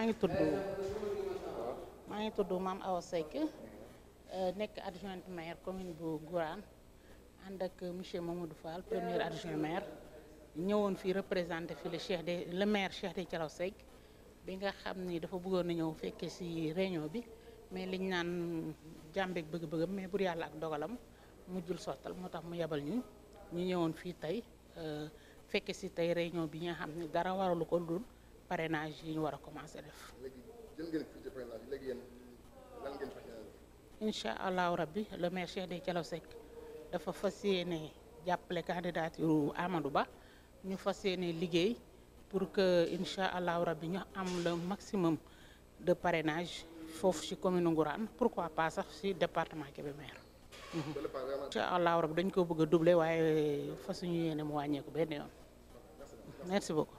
maa ngi tudd maa ngi tudd Mame Awa Seck euh, nekk adjointe maire commune bu Ngourane ànd ak monsieur Mamadou Fall premier adjoint maire ñëwoon fii représenté fi le chef de le maire Cheikh Dieye Thiaw Seck bi nga xam ni dafa bëggoon na ñëw fekke ci réunion bi mais liñ naan jàmbeeg bëgg-bëggam mais bur yàlla ak dogalam mu jul sottal moo tax mu yebal ñu ñu ñëwoon fii tey euh, fekke ci tey réunion bi nga xam ni dara waralu ko dul parrainage yi ñu war a commencé def. léegi jël ngeen rabbi le maire Cheikh Dieye Thialaw Seck dafa fas yéene jàppale candidature Amadou Ba ñu fas yéene liggéey pour que incha allahu rabbi ñu am le maximum de parrainage foofu ci commune Ngourane pourquoi pas sax ci département Kébémer. Mmh. incha allahu rabbi dañ ko bëgg a doubler waaye fasuñu yéene mu wàññeeku benn yoon.